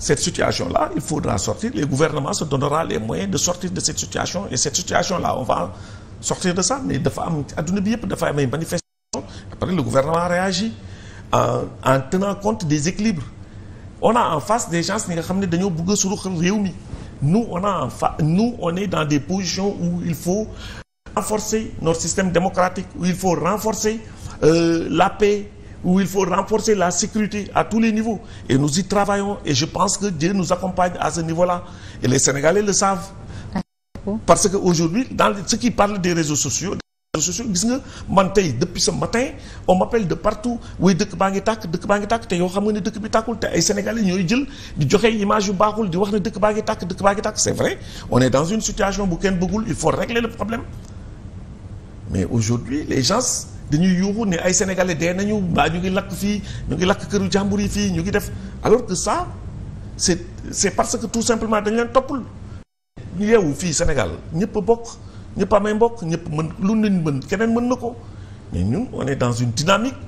cette situation la il faudra sortir. Le gouvernement se donnera les moyens de sortir de cette situation. Et cette situation-là, on va sortir de ça. Mais dafa am adduna bi yëpp dafa am ay manifestation après le gouvernement réagit en en tenant compte des équilibres. on a en face des gens ñi nga xam ne dañoo bëgg a suruxal réew mi nous on a en fa nous on est dans des positions où il faut renforcer notre système démocratique où il faut renforcer euh, la paix où il faut renforcer la sécurité à tous les niveaux. Et nous y travaillons. Et je pense que Dieu nous accompagne à ce niveau-là. Et les Sénégalais le savent. Parce qu'aujourd'hui, dans ceux qui parlent des réseaux sociaux, sociaux gis nga man tey depuis ce matin on m'appelle de partout way dëkk baa ngi tàkk dëkk baa ngi tàkk te yoo xam nga ne dëkk bi tàkkul te ay sénégalais ñooy jël di joxe image yu baaxul di wax ne dëkk baa ngi tàkk dëkk baa ngi tàkk c'est vrai on est dans une situation bu kenn bëggul il faut régler le problème mais aujourd'hui dañuy yuuxu ne ay sénégalais de nañu baa ñu ngi lakk fii ñu ngi lakk këru jàmbur yi fii ñu ngi def alors que ça c'est c'est parce que tout simplement dañ leen toppul ñu yeewu fii Sénégal ñëpp bokk ñëpp amay mbokk ñëpp mën lu nañ mën keneen mën na ko ñu ñun on est dans une dynamique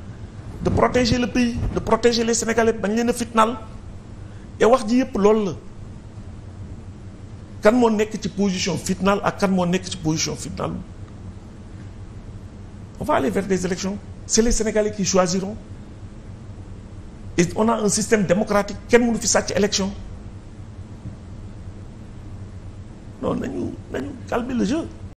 de protéger le pays de protéger les Sénégalais bañ leen a fitnaal et wax ji yëpp loolu la kan moo nekk ci position fitnaal ak kan moo nekk ci position fitnaal on va aller vers des élections c'est les Sénégalais qui choisiront et on a un système démocratique kenn mënu fi sàcc élection non nañu nañu calmer le jeu